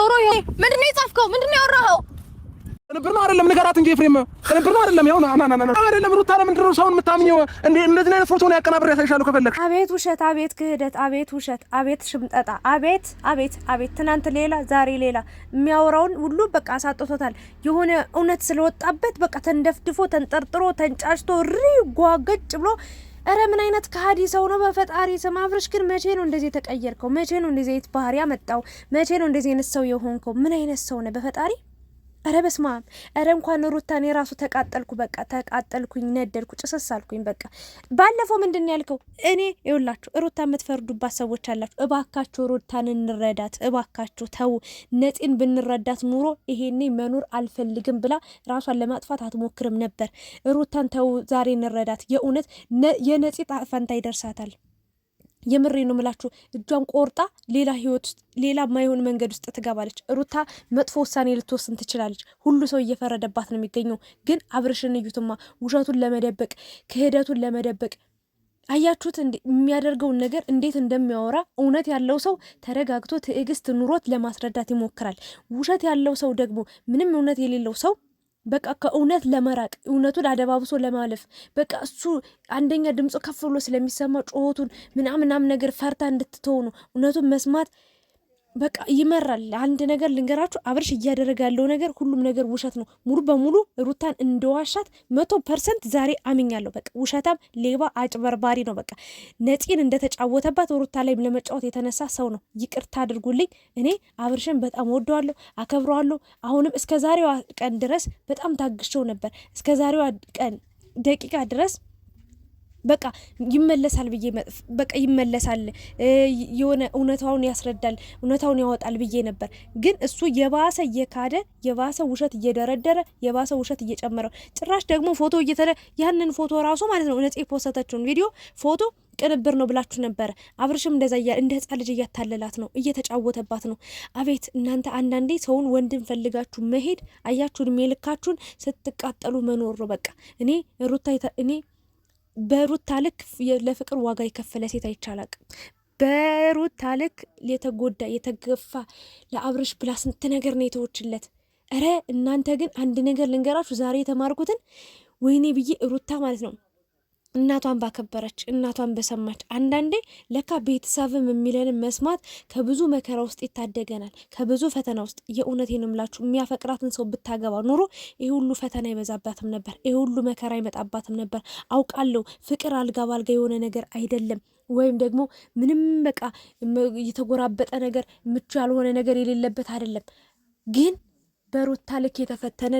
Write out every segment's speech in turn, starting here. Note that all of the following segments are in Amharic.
ኖሮ ይሄ ምንድን ነው የጻፍከው? ምንድን ነው ያወራኸው? ቅንብር ነው አይደለም? ንገራት እንጂ ፍሬም ቅንብር ነው አይደለም? ያው ና ና ነው አይደለም? ሩታ ለምንድን ነው ሰውን የምታምኘው? እንደዚህ አይነት ፎቶ ነው ያቀናብር፣ ያሳይሻለሁ ከፈለግሽ። አቤት ውሸት፣ አቤት ክህደት፣ አቤት ውሸት፣ አቤት ሽምጠጣ፣ አቤት አቤት አቤት። ትናንት ሌላ፣ ዛሬ ሌላ። የሚያወራውን ሁሉ በቃ አሳጥቶታል። የሆነ እውነት ስለወጣበት በቃ ተንደፍድፎ፣ ተንጠርጥሮ፣ ተንጫጭቶ ሪ ጓገጭ ብሎ እረ ምን አይነት ከሀዲ ሰው ነው በፈጣሪ ስም። አብርሽ ግን መቼ ነው እንደዚህ የተቀየርከው? መቼ ነው እንደዚህ አይነት ባህሪ ያመጣው? መቼ ነው እንደዚህ አይነት ሰው የሆንከው? ምን አይነት ሰው ነው በፈጣሪ ኧረ በስመ አብ! ኧረ እንኳን ሩታን የራሱ ተቃጠልኩ፣ በቃ ተቃጠልኩኝ፣ ነደድኩ፣ ጭስስ አልኩኝ። በቃ ባለፈው ምንድን ያልከው እኔ ይውላችሁ፣ ሩታ የምትፈርዱባት ሰዎች አላችሁ። እባካችሁ ሩታን እንረዳት፣ እባካችሁ ተው። ነፂን ብንረዳት ኑሮ ይሄኔ መኖር አልፈልግም ብላ ራሷን ለማጥፋት አትሞክርም ነበር። ሩታን ተው፣ ዛሬ እንረዳት። የእውነት የነፂ ጣፈንታ ይደርሳታል። የምሬ ነው የምላችሁ። እጇን ቆርጣ ሌላ ህይወት ውስጥ ሌላ ማይሆን መንገድ ውስጥ ትገባለች። ሩታ መጥፎ ውሳኔ ልትወስን ትችላለች። ሁሉ ሰው እየፈረደባት ነው የሚገኘው። ግን አብርሽን እዩትማ፣ ውሸቱን ለመደበቅ ክህደቱን ለመደበቅ አያችሁት የሚያደርገውን ነገር እንዴት እንደሚያወራ። እውነት ያለው ሰው ተረጋግቶ ትዕግስት ኑሮት ለማስረዳት ይሞክራል። ውሸት ያለው ሰው ደግሞ ምንም እውነት የሌለው ሰው በቃ ከእውነት ለመራቅ እውነቱን አደባብሶ ለማለፍ በቃ እሱ አንደኛ ድምፁ ከፍ ብሎ ስለሚሰማ ጩኸቱን ምናምናም ነገር ፈርታ እንድትተው ነው እውነቱን መስማት በቃ ይመራል። አንድ ነገር ልንገራችሁ፣ አብርሽ እያደረገ ያለው ነገር ሁሉም ነገር ውሸት ነው። ሙሉ በሙሉ ሩታን እንደዋሻት መቶ ፐርሰንት ዛሬ አምኛለሁ። በቃ ውሸታም፣ ሌባ፣ አጭበርባሪ ነው። በቃ ነፂን እንደተጫወተባት ሩታ ላይ ለመጫወት የተነሳ ሰው ነው። ይቅርታ አድርጉልኝ። እኔ አብርሽን በጣም ወደዋለሁ፣ አከብረዋለሁ። አሁንም እስከ ዛሬዋ ቀን ድረስ በጣም ታግሼው ነበር። እስከ ዛሬዋ ቀን ደቂቃ ድረስ በቃ ይመለሳል ብዬ በቃ ይመለሳል፣ የሆነ እውነታውን ያስረዳል፣ እውነታውን ያወጣል ብዬ ነበር። ግን እሱ የባሰ እየካደ የባሰ ውሸት እየደረደረ የባሰ ውሸት እየጨመረው ጭራሽ ደግሞ ፎቶ እየተደ ያንን ፎቶ ራሱ ማለት ነው ነጽ የፖሰተችውን ቪዲዮ ፎቶ ቅንብር ነው ብላችሁ ነበረ። አብርሽም እንደዛ እንደ ህፃን ልጅ እያታለላት ነው፣ እየተጫወተባት ነው። አቤት እናንተ አንዳንዴ ሰውን ወንድን ፈልጋችሁ መሄድ አያችሁን፣ ሜልካችሁን ስትቃጠሉ መኖር ነው። በቃ እኔ ሩታ እኔ በሩታ ልክ ለፍቅር ዋጋ የከፈለ ሴት አይቻላቅ። በሩታ ልክ የተጎዳ የተገፋ ለአብርሽ ብላ ስንት ነገር ነው የተወችለት። እረ እናንተ ግን አንድ ነገር ልንገራችሁ ዛሬ የተማርኩትን ወይኔ ብዬ ሩታ ማለት ነው እናቷን ባከበረች እናቷን በሰማች። አንዳንዴ ለካ ቤተሰብም የሚለንም መስማት ከብዙ መከራ ውስጥ ይታደገናል፣ ከብዙ ፈተና ውስጥ። የእውነት ንምላችሁ የሚያፈቅራትን ሰው ብታገባ ኑሮ ይህ ሁሉ ፈተና ይበዛባትም ነበር፣ ይህ ሁሉ መከራ አይመጣባትም ነበር። አውቃለሁ ፍቅር አልጋ ባልጋ የሆነ ነገር አይደለም። ወይም ደግሞ ምንም በቃ የተጎራበጠ ነገር ምቹ ያልሆነ ነገር የሌለበት አይደለም ግን በሩታ ልክ የተፈተነ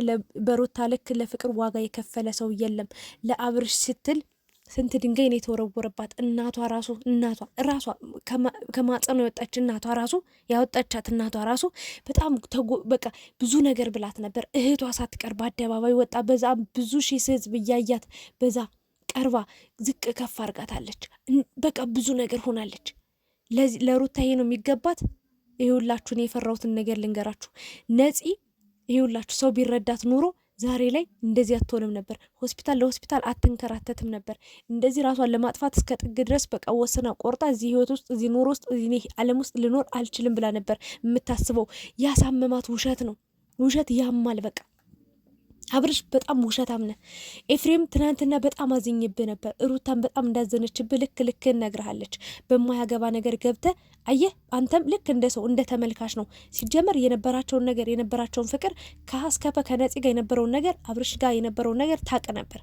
በሩታ ልክ ለፍቅር ዋጋ የከፈለ ሰው የለም። ለአብርሽ ስትል ስንት ድንጋይ ነው የተወረወረባት እናቷ ራሱ እናቷ ራሷ ከማጸኑ የወጣች እናቷ ራሱ ያወጣቻት እናቷ ራሱ በጣም በቃ ብዙ ነገር ብላት ነበር። እህቷ ሳትቀር በአደባባይ ወጣ። በዛ ብዙ ሺህ ህዝብ እያያት በዛ ቀርባ ዝቅ ከፍ አርጋታለች። በቃ ብዙ ነገር ሆናለች። ለሩታ ይሄ ነው የሚገባት። ይሄ ሁላችሁን የፈራሁትን ነገር ልንገራችሁ። ነፂ ይሄ ሁላችሁ ሰው ቢረዳት ኑሮ ዛሬ ላይ እንደዚህ አትሆንም ነበር። ሆስፒታል ለሆስፒታል አትንከራተትም ነበር። እንደዚህ ራሷን ለማጥፋት እስከ ጥግ ድረስ በቃ ወስና ቆርጣ እዚህ ህይወት ውስጥ እዚህ ኑሮ ውስጥ እዚህ ዓለም ውስጥ ልኖር አልችልም ብላ ነበር የምታስበው። ያሳመማት ውሸት ነው። ውሸት ያማል በቃ አብርሽ በጣም ውሸታም ነህ ኤፍሬም። ትናንትና በጣም አዝኜብህ ነበር። ሩታን በጣም እንዳዘነችብህ ልክ ልክ ነግርሃለች። በማያገባ ነገር ገብተህ አየህ። አንተም ልክ እንደ ሰው እንደ ተመልካች ነው። ሲጀመር የነበራቸውን ነገር የነበራቸውን ፍቅር ከሀስከፈ ከነፂ ጋር የነበረውን ነገር አብርሽ ጋር የነበረውን ነገር ታቅ ነበር።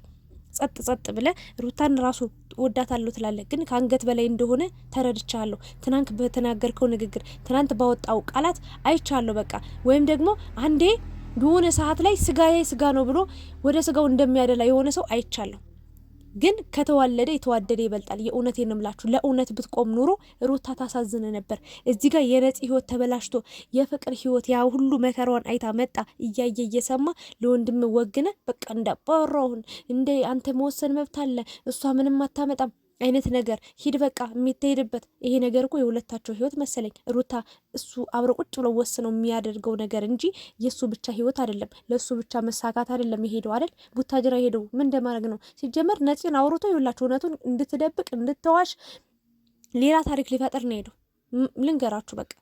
ጸጥ ጸጥ ብለ ሩታን ራሱ ወዳታለሁ ትላለ ግን ከአንገት በላይ እንደሆነ ተረድቻለሁ። ትናንት በተናገርከው ንግግር፣ ትናንት ባወጣው ቃላት አይቻለሁ። በቃ ወይም ደግሞ አንዴ በሆነ ሰዓት ላይ ስጋዬ ስጋ ነው ብሎ ወደ ስጋው እንደሚያደላ የሆነ ሰው አይቻለሁ። ግን ከተዋለደ የተዋደደ ይበልጣል። የእውነት ነው ለእውነት ብትቆም ኑሮ ሩታ ታሳዝን ነበር። እዚህ ጋር የነጽ ህይወት ተበላሽቶ የፍቅር ህይወት ያ ሁሉ መከራዋን አይታ መጣ እያየ እየሰማ ለወንድም ወግነ በቃ እንዳባራሁን እንደ አንተ መወሰን መብት አለ እሷ ምንም አታመጣም አይነት ነገር ሂድ በቃ የሚትሄድበት ይሄ ነገር እኮ የሁለታቸው ህይወት መሰለኝ። ሩታ እሱ አብረ ቁጭ ብለው ወስነው የሚያደርገው ነገር እንጂ የእሱ ብቻ ህይወት አይደለም፣ ለእሱ ብቻ መሳካት አይደለም። የሄደው አይደል ቡታጅራ ሄደው ምን እንደማድረግ ነው ሲጀመር። ነፂን አውርቶ ይሁላችሁ እውነቱን እንድትደብቅ እንድትዋሽ ሌላ ታሪክ ሊፈጥር ነው ሄደው ልንገራችሁ በቃ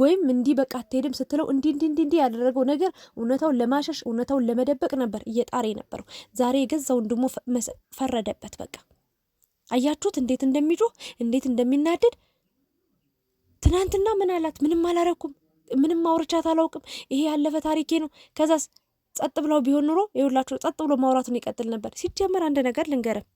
ወይም እንዲህ በቃ አትሄድም ስትለው እንዲህ እንዲህ እንዲህ እንዲህ ያደረገው ነገር እውነታውን ለማሸሽ እውነታውን ለመደበቅ ነበር እየጣረ የነበረው። ዛሬ የገዛ ወንድሙ ፈረደበት በቃ አያችሁት እንዴት እንደሚጮህ እንዴት እንደሚናደድ። ትናንትና ምን አላት? ምንም አላረኩም፣ ምንም አውርቻት አላውቅም፣ ይሄ ያለፈ ታሪኬ ነው። ከዛስ ጸጥ ብለው ቢሆን ኑሮ ይውላችሁ ጸጥ ብሎ ማውራቱን ይቀጥል ነበር። ሲጀመር አንድ ነገር ልንገርም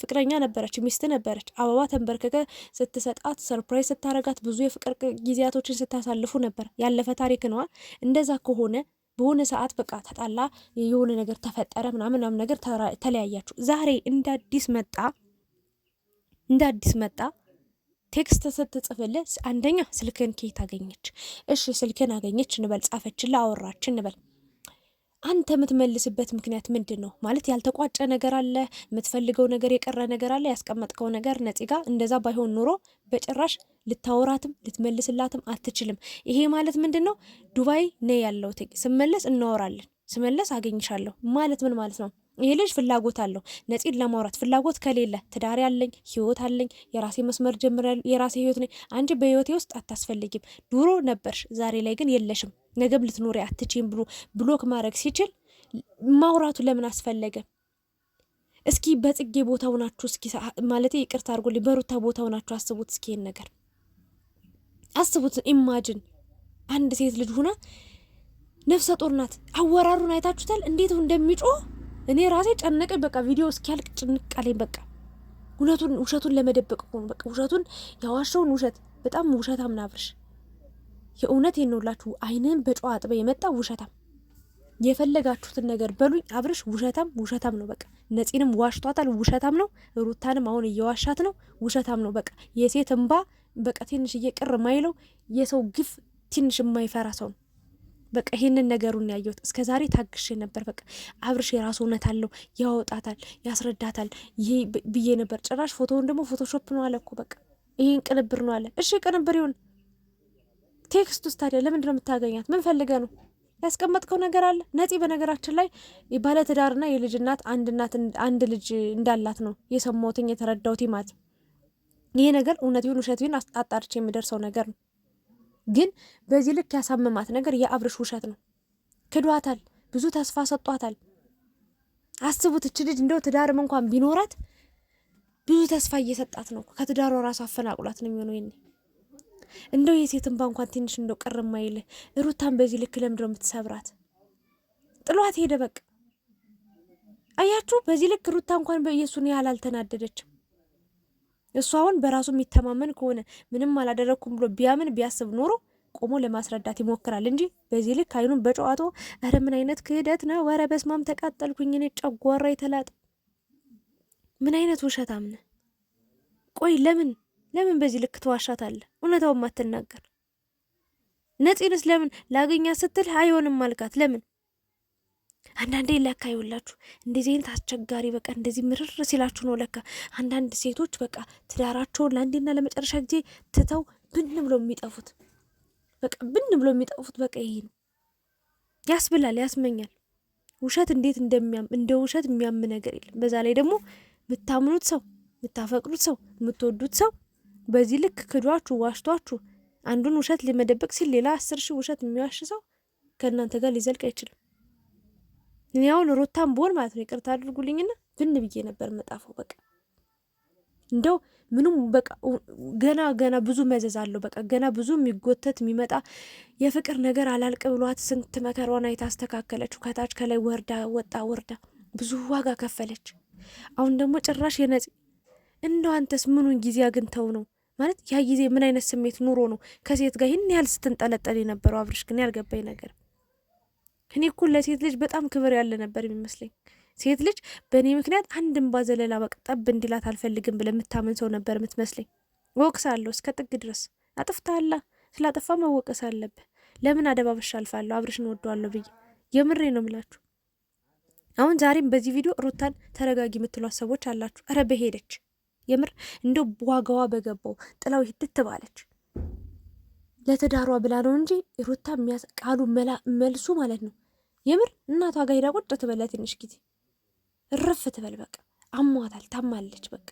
ፍቅረኛ ነበረች፣ ሚስት ነበረች። አበባ ተንበርክከ ስትሰጣት፣ ሰርፕራይዝ ስታረጋት፣ ብዙ የፍቅር ጊዜያቶችን ስታሳልፉ ነበር። ያለፈ ታሪክ ነዋ። እንደዛ ከሆነ በሆነ ሰዓት በቃ ተጣላ፣ የሆነ ነገር ተፈጠረ፣ ምናምን ነገር ተለያያችሁ። ዛሬ እንደ አዲስ መጣ እንደ አዲስ መጣ። ቴክስት ስትጽፍል አንደኛ ስልክን ኬት አገኘች? እሺ ስልክን አገኘች እንበል፣ ጻፈችን፣ ላወራች እንበል። አንተ የምትመልስበት ምክንያት ምንድን ነው? ማለት ያልተቋጨ ነገር አለ፣ የምትፈልገው ነገር የቀረ ነገር አለ፣ ያስቀመጥከው ነገር ነፂ እንደዛ ባይሆን ኑሮ በጭራሽ ልታወራትም ልትመልስላትም አትችልም። ይሄ ማለት ምንድን ነው? ዱባይ ነይ ያለው ስመለስ እናወራለን፣ ስመለስ አገኝሻለሁ ማለት ምን ማለት ነው? ይሄ ልጅ ፍላጎት አለው ነፂን ለማውራት ፍላጎት ከሌለ ትዳር ያለኝ ህይወት አለኝ የራሴ መስመር ጀምር የራሴ ህይወት ነኝ አንቺ በህይወቴ ውስጥ አታስፈልጊም ድሮ ነበርሽ ዛሬ ላይ ግን የለሽም ነገም ልትኖሪ አትችም ብሎ ብሎክ ማድረግ ሲችል ማውራቱ ለምን አስፈለገ እስኪ በጽጌ ቦታ ናችሁ እስኪ ማለት ይቅርታ አድርጎልኝ በሩታ ቦታ ናችሁ አስቡት እስኪ ይሄን ነገር አስቡት ኢማጅን አንድ ሴት ልጅ ሁና ነፍሰ ጡር ናት አወራሩን አይታችሁታል እንዴት እንደሚጮህ እኔ ራሴ ጨነቀኝ። በቃ ቪዲዮ እስኪያልቅ ጭንቅ በቃ እውነቱን ውሸቱን ለመደበቅ ሆኑ። በቃ ውሸቱን ያዋሸውን ውሸት በጣም ውሸታም ናብርሽ። የእውነት የኖላችሁ አይንን በጨዋ አጥበ የመጣ ውሸታም። የፈለጋችሁትን ነገር በሉኝ። አብርሽ ውሸታም ውሸታም ነው። በቃ ነፂንም ዋሽቷታል፣ ውሸታም ነው። ሩታንም አሁን እየዋሻት ነው፣ ውሸታም ነው። በቃ የሴት እንባ በቃ ትንሽ እየቅር የማይለው የሰው ግፍ ትንሽ የማይፈራ ሰው ነው። በቃ ይሄንን ነገሩን ያየሁት እስከ ዛሬ ታግሼ ነበር። በቃ አብርሽ የራሱ እውነት አለው፣ ያወጣታል፣ ያስረዳታል ይሄ ብዬ ነበር። ጭራሽ ፎቶውን ደግሞ ፎቶሾፕ ነው አለ እኮ በቃ ይሄን ቅንብር ነው አለ። እሺ ቅንብር ይሁን፣ ቴክስት ውስጥ ታዲያ ለምንድን ነው የምታገኛት? ምን ፈልገ ነው ያስቀመጥከው ነገር አለ። ነፂ በነገራችን ላይ ባለትዳርና የልጅ እናት አንድ እናት አንድ ልጅ እንዳላት ነው የሰማሁትኝ የተረዳሁት ማለት ይሄ ነገር እውነት ይሁን ውሸት ይሁን አጣርቼ የሚደርሰው ነገር ነው። ግን በዚህ ልክ ያሳመማት ነገር የአብርሽ ውሸት ነው። ክዷታል። ብዙ ተስፋ ሰጧታል። አስቡት፣ እች ልጅ እንደው ትዳርም እንኳን ቢኖራት ብዙ ተስፋ እየሰጣት ነው። ከትዳሯ ራሱ አፈናቅሏት ነው የሚሆነው። ይኔ እንደው የሴት እንባ እንኳን ትንሽ እንደው ቅር የማይል ሩታን በዚህ ልክ ለምንድነው የምትሰብራት? ጥሏት ሄደ። በቃ አያችሁ፣ በዚህ ልክ ሩታ እንኳን በኢየሱስ ያህል አልተናደደችም። እሱ አሁን በራሱ የሚተማመን ከሆነ ምንም አላደረግኩም ብሎ ቢያምን ቢያስብ ኖሮ ቆሞ ለማስረዳት ይሞክራል እንጂ በዚህ ልክ አይኑን በጨዋቶ ኧረ ምን አይነት ክህደት ነው! ወረ በስማም ተቃጠልኩኝ፣ እኔ ጨጓራ የተላጠ ምን አይነት ውሸታም ነህ? ቆይ ለምን ለምን በዚህ ልክ ትዋሻታለህ? እውነታውም ማትናገር ነፂንስ ለምን ላገኛት ስትል አይሆንም አልካት ለምን? አንዳንዴ ለካ ይውላችሁ እንደዚህ አይነት አስቸጋሪ በቃ እንደዚህ ምርር ሲላችሁ ነው ለካ አንዳንድ ሴቶች በቃ ትዳራቸውን ለአንዴና ለመጨረሻ ጊዜ ትተው ብን ብሎ የሚጠፉት በቃ ብን ብሎ የሚጠፉት በቃ ይሄ ነው። ያስብላል፣ ያስመኛል። ውሸት እንዴት እንደሚያም እንደ ውሸት የሚያም ነገር የለም። በዛ ላይ ደግሞ የምታምኑት ሰው የምታፈቅዱት ሰው የምትወዱት ሰው በዚህ ልክ ክዷችሁ ዋሽቷችሁ አንዱን ውሸት ሊመደበቅ ሲል ሌላ አስር ሺህ ውሸት የሚዋሽ ሰው ከእናንተ ጋር ሊዘልቅ አይችልም። እኔ አሁን ሩታም ብሆን ማለት ነው ይቅርታ አድርጉልኝና ብን ብዬ ነበር መጣፈው በቃ እንደው ምንም በቃ ገና ገና ብዙ መዘዝ አለው። በቃ ገና ብዙ የሚጎተት የሚመጣ የፍቅር ነገር አላልቅ ብሏት ስንት መከሯን አይታ ከታች ከላይ ወርዳ ወጣ ወርዳ ብዙ ዋጋ ከፈለች። አሁን ደግሞ ጭራሽ የነጽ እንደው አንተስ ምኑን ጊዜ አግኝተው ነው ማለት ያ ጊዜ ምን አይነት ስሜት ኑሮ ነው ከሴት ጋር ይህን ያህል ስትንጠለጠል የነበረው? አብርሽ ግን ያልገባኝ ነገር እኔ እኮ ለሴት ልጅ በጣም ክብር ያለ ነበር የሚመስለኝ። ሴት ልጅ በእኔ ምክንያት አንድም ባዘለላ ዘለላ በቃ ጠብ እንዲላት አልፈልግም ብለ የምታምን ሰው ነበር የምትመስለኝ። ወቅስ አለሁ እስከ ጥግ ድረስ አጥፍታላ፣ ስላጠፋ መወቀስ አለብህ። ለምን አደባበሻ አልፋለሁ አብርሽን ወደዋለሁ ብዬ የምሬ ነው ምላችሁ። አሁን ዛሬም በዚህ ቪዲዮ ሩታን ተረጋጊ የምትሏት ሰዎች አላችሁ። እረ በሄደች የምር እንደው ዋጋዋ በገባው ጥላው ሂድት ትባለች። ለትዳሯ ብላ ነው እንጂ ሩታ ቃሉ መልሱ ማለት ነው። የምር እናቷ ጋር ሄዳ ቁጭ ትበል ለትንሽ ጊዜ እረፍ ትበል። በቃ አሟታል፣ ታማለች። በቃ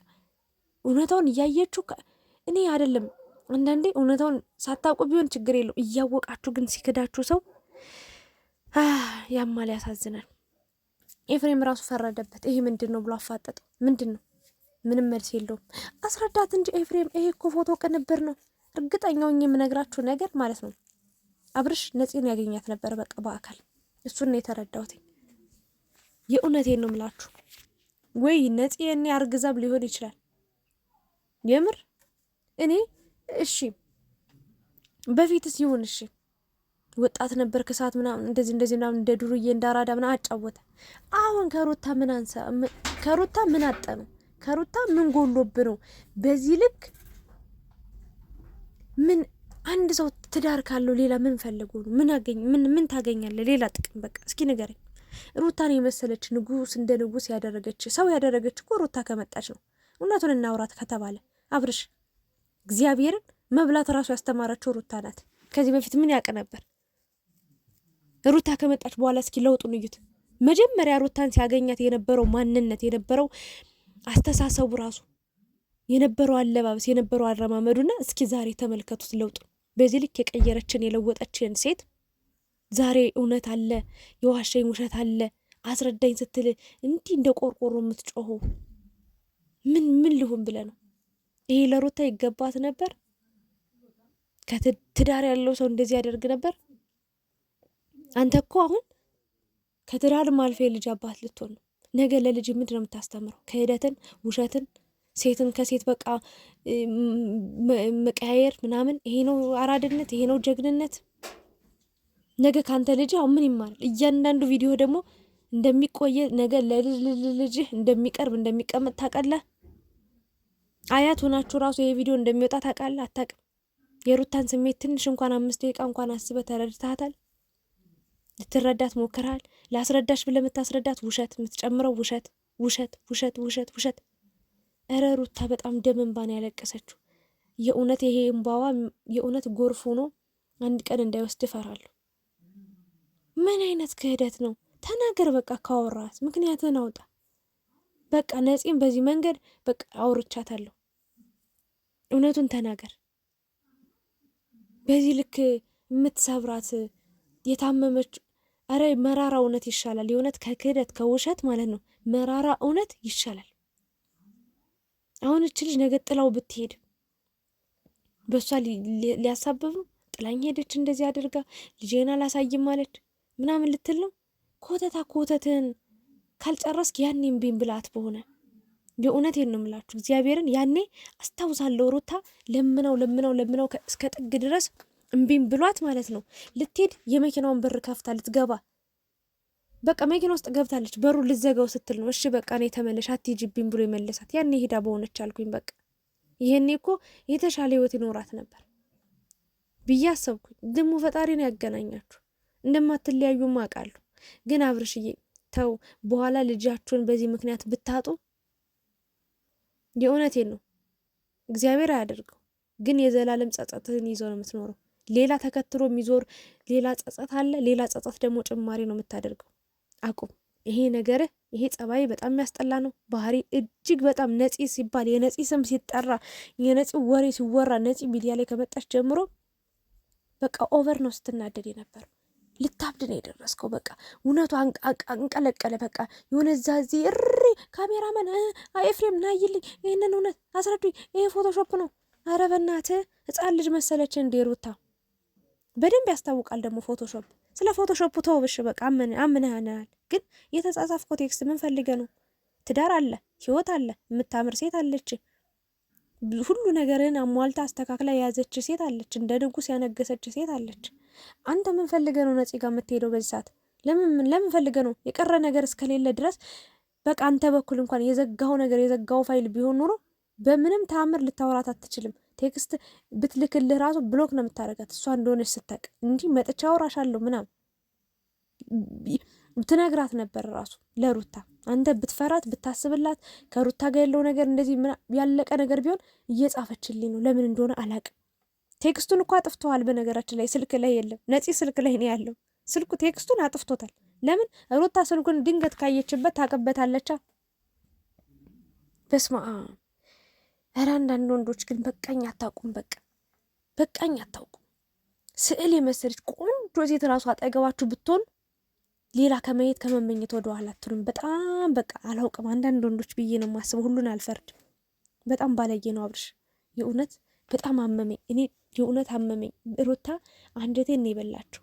እውነታውን እያየችሁ እኔ አይደለም አንዳንዴ እውነታውን ሳታውቁ ቢሆን ችግር የለው። እያወቃችሁ ግን ሲክዳችሁ ሰው ያማል፣ ያሳዝናል። ኤፍሬም ራሱ ፈረደበት። ይሄ ምንድን ነው ብሎ አፋጠጠው። ምንድን ነው ምንም መልስ የለውም። አስረዳት እንጂ ኤፍሬም፣ ይሄ እኮ ፎቶ ቅንብር ነው እርግጠኛው የምነግራችሁ ነገር ማለት ነው አብርሽ ነፂን ያገኛት ነበር። በቃ በአካል እሱን ነው የተረዳሁት። የእውነቴን ነው የምላችሁ። ወይ ነፂ የኔ አርግዛም ሊሆን ይችላል። የምር እኔ እሺ፣ በፊትስ ይሁን እሺ፣ ወጣት ነበር ከሰዓት ምናምን እንደዚህ እንደዚህ ምናምን እንደ ዱርዬ እንዳራዳ ምናምን አጫወተ። አሁን ከሩታ ምን አንሳ ከሩታ ምን አጠ ነው ከሩታ ምን ጎሎብ ነው በዚህ ልክ ምን አንድ ሰው ትዳር ካለው ሌላ ምን ፈልጎ ነው? ምን አገኝ ምን ምን ታገኛለ? ሌላ ጥቅም በቃ እስኪ ንገረኝ። ሩታን የመሰለች ንጉስ እንደ ንጉስ ያደረገች ሰው ያደረገች እኮ ሩታ ከመጣች ነው። እውነቱን እናውራት ከተባለ አብርሽ እግዚአብሔርን መብላት ራሱ ያስተማረችው ሩታ ናት። ከዚህ በፊት ምን ያውቅ ነበር? ሩታ ከመጣች በኋላ እስኪ ለውጡን እዩት። መጀመሪያ ሩታን ሲያገኛት የነበረው ማንነት የነበረው አስተሳሰቡ ራሱ የነበረው አለባበስ የነበረው አረማመዱና እስኪ ዛሬ ተመልከቱት ለውጡ። በዚህ ልክ የቀየረችን የለወጠችን ሴት ዛሬ እውነት አለ የዋሸኝ ውሸት አለ አስረዳኝ ስትል እንዲህ እንደ ቆርቆሮ የምትጮሆ ምን ምን ልሁን ብለ ነው? ይሄ ለሩታ ይገባት ነበር? ከትዳር ያለው ሰው እንደዚህ ያደርግ ነበር? አንተ እኮ አሁን ከትዳር ማልፌ ልጅ አባት ልትሆን ነው። ነገ ለልጅ ምንድን ነው የምታስተምረው? ክህደትን፣ ውሸትን ሴትን ከሴት በቃ መቀያየር ምናምን፣ ይሄ ነው አራድነት፣ ይሄ ነው ጀግንነት። ነገ ካንተ ልጅ አሁን ምን ይማራል? እያንዳንዱ ቪዲዮ ደግሞ እንደሚቆየ ነገ ለልልልልጅህ እንደሚቀርብ እንደሚቀመጥ ታውቃለህ። አያት ሆናችሁ ራሱ ይሄ ቪዲዮ እንደሚወጣ ታውቃለህ? አታውቅም? የሩታን ስሜት ትንሽ እንኳን አምስት ደቂቃ እንኳን አስበህ ተረድታታል። ልትረዳት ሞክረሃል? ላስረዳሽ ብለህ የምታስረዳት ውሸት፣ የምትጨምረው ውሸት ውሸት ውሸት ውሸት ውሸት እረ ሩታ በጣም ደም እንባን ያለቀሰችው የእውነት ይሄ እንባዋ የእውነት ጎርፍ ሆኖ አንድ ቀን እንዳይወስድ እፈራለሁ። ምን አይነት ክህደት ነው? ተናገር በቃ ካወራት ምክንያትን አውጣ። በቃ ነፂም በዚህ መንገድ በቃ አውርቻታለሁ፣ እውነቱን ተናገር። በዚህ ልክ የምትሰብራት የታመመች አረ መራራ እውነት ይሻላል። የእውነት ከክህደት ከውሸት ማለት ነው መራራ እውነት ይሻላል። አሁን እች ልጅ ነገ ጥላው ብትሄድ በእሷ ሊያሳብብ ነው። ጥላኝ ሄደች እንደዚህ አድርጋ ልጄን አላሳይም ማለት ምናምን ልትል ነው። ኮተታ ኮተትን ካልጨረስክ ያኔ እምቢም ብላት በሆነ የእውነቴን ነው የምላችሁ እግዚአብሔርን ያኔ አስታውሳለሁ። ሩታ ለምነው ለምነው ለምነው እስከ ጥግ ድረስ እምቢም ብሏት ማለት ነው ልትሄድ የመኪናውን በር ከፍታ ልትገባ በቃ መኪና ውስጥ ገብታለች። በሩ ልዘጋው ስትል ነው እሺ በቃ እኔ ተመለሽ አትሄጂብኝ ብሎ የመለሳት። ያኔ ሄዳ በሆነች አልኩኝ። በቃ ይሄኔ እኮ የተሻለ ህይወት ይኖራት ነበር ብዬ አሰብኩኝ። ደግሞ ፈጣሪ ነው ያገናኛችሁ እንደማትለያዩ አውቃለሁ። ግን አብርሽዬ ተው፣ በኋላ ልጃችሁን በዚህ ምክንያት ብታጡ የእውነቴን ነው እግዚአብሔር አያደርገው። ግን የዘላለም ጸጸትን ይዘው ነው የምትኖረው። ሌላ ተከትሎ የሚዞር ሌላ ጸጸት አለ። ሌላ ጸጸት ደግሞ ጭማሪ ነው የምታደርገው። አቁም፣ ይሄ ነገርህ፣ ይሄ ጸባይ በጣም የሚያስጠላ ነው። ባህሪ እጅግ በጣም ነፂ ሲባል የነፂ ስም ሲጠራ የነፂ ወሬ ሲወራ ነፂ ሚዲያ ላይ ከመጣች ጀምሮ በቃ ኦቨር ነው ስትናደድ የነበረው ልታብድ ነው የደረስከው። በቃ እውነቱ አንቀለቀለ። በቃ የሆነ ዛዚ እሪ ካሜራማን ኤፍሬም ናይልኝ፣ ይህንን እውነት አስረዱኝ፣ ይሄ ፎቶሾፕ ነው። አረ በናትህ ህፃን ልጅ መሰለች እንዴ ሩታ። በደንብ ያስታውቃል ደግሞ ፎቶሾፕ ስለ ፎቶሾፕ ተውብሽ በቃ አምን አምነናል። ግን የተጻጻፍኮ ቴክስት ምን ፈልገ ነው? ትዳር አለ፣ ህይወት አለ፣ የምታምር ሴት አለች፣ ሁሉ ነገርን አሟልታ አስተካክላ የያዘች ሴት አለች፣ እንደ ንጉስ ያነገሰች ሴት አለች። አንተ ምን ፈልገ ነው ነፂ ጋር የምትሄደው በዚህ ሰዓት? ለምን ለምን ፈልገ ነው? የቀረ ነገር እስከሌለ ድረስ በቃ አንተ በኩል እንኳን የዘጋው ነገር የዘጋው ፋይል ቢሆን ኑሮ በምንም ተአምር ልታወራት አትችልም። ቴክስት ብትልክልህ ራሱ ብሎክ ነው የምታደርጋት እሷ እንደሆነች ስታቅ እንጂ መጥቻ አለው ምናምን ትነግራት ነበር ራሱ ለሩታ። አንተ ብትፈራት ብታስብላት ከሩታ ጋር ያለው ነገር እንደዚህ ያለቀ ነገር ቢሆን እየጻፈችልኝ ነው። ለምን እንደሆነ አላቅም። ቴክስቱን እኮ አጥፍተዋል። በነገራችን ላይ ስልክ ላይ የለም፣ ነፂ ስልክ ላይ ነው ያለው። ስልኩ ቴክስቱን አጥፍቶታል። ለምን ሩታ ስልኩን ድንገት ካየችበት ታቀበታለቻ። በስማ እረ አንዳንድ ወንዶች ግን በቃኝ አታውቁም። በቃ በቃኝ አታውቁም። ስዕል የመሰለች ቆንጆ ሴት እራሱ አጠገባችሁ ብትሆን ሌላ ከመሄድ ከመመኘት ወደ ኋላ አትሉም። በጣም በቃ አላውቅም። አንዳንድ ወንዶች ብዬ ነው የማስበው። ሁሉን አልፈርድም። በጣም ባለየ ነው አብርሽ። የእውነት በጣም አመመኝ። እኔ የእውነት አመመኝ። ሩታ አንጀቴን ነው የበላችሁ።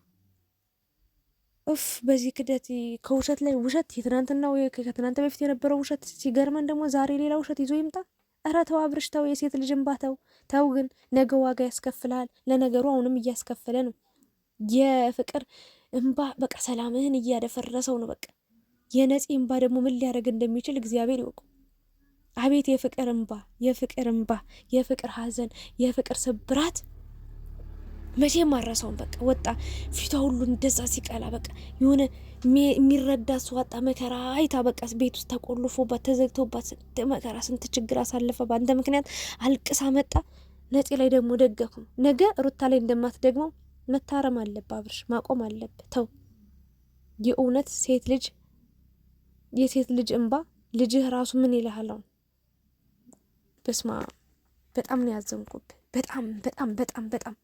እፍ በዚህ ክደት ከውሸት ላይ ውሸት። የትናንትና ከትናንት በፊት የነበረው ውሸት ሲገርመን ደግሞ ዛሬ ሌላ ውሸት ይዞ ይምጣ። እረ ተው አብርሽ ተው፣ የሴት ልጅ እንባ ተው ተው። ግን ነገ ዋጋ ያስከፍልሃል። ለነገሩ አሁንም እያስከፈለ ነው። የፍቅር እንባ በቃ ሰላምህን እያደፈረሰው ነው። በቃ የነፂ እንባ ደግሞ ምን ሊያደርግ እንደሚችል እግዚአብሔር ይወቁ። አቤት የፍቅር እንባ፣ የፍቅር እንባ፣ የፍቅር ሐዘን፣ የፍቅር ስብራት መቼ አረሳውን። በቃ ወጣ ፊቷ ሁሉ እንደዛ ሲቀላ በቃ የሆነ የሚረዳ ሰው አጣ። መከራ አይታ በቃ ቤት ውስጥ ተቆልፎባት ተዘግቶባት ስንት መከራ ስንት ችግር አሳለፈ። በአንተ ምክንያት አልቅሳ መጣ። ነጤ ላይ ደግሞ ደገፉ። ነገ ሩታ ላይ እንደማት ደግሞ መታረም አለብ፣ አብርሽ፣ ማቆም አለብ። ተው የእውነት ሴት ልጅ የሴት ልጅ እንባ ልጅህ ራሱ ምን ይልሃለው? በስማ በጣም ነው ያዘንኩብህ። በጣም በጣም በጣም በጣም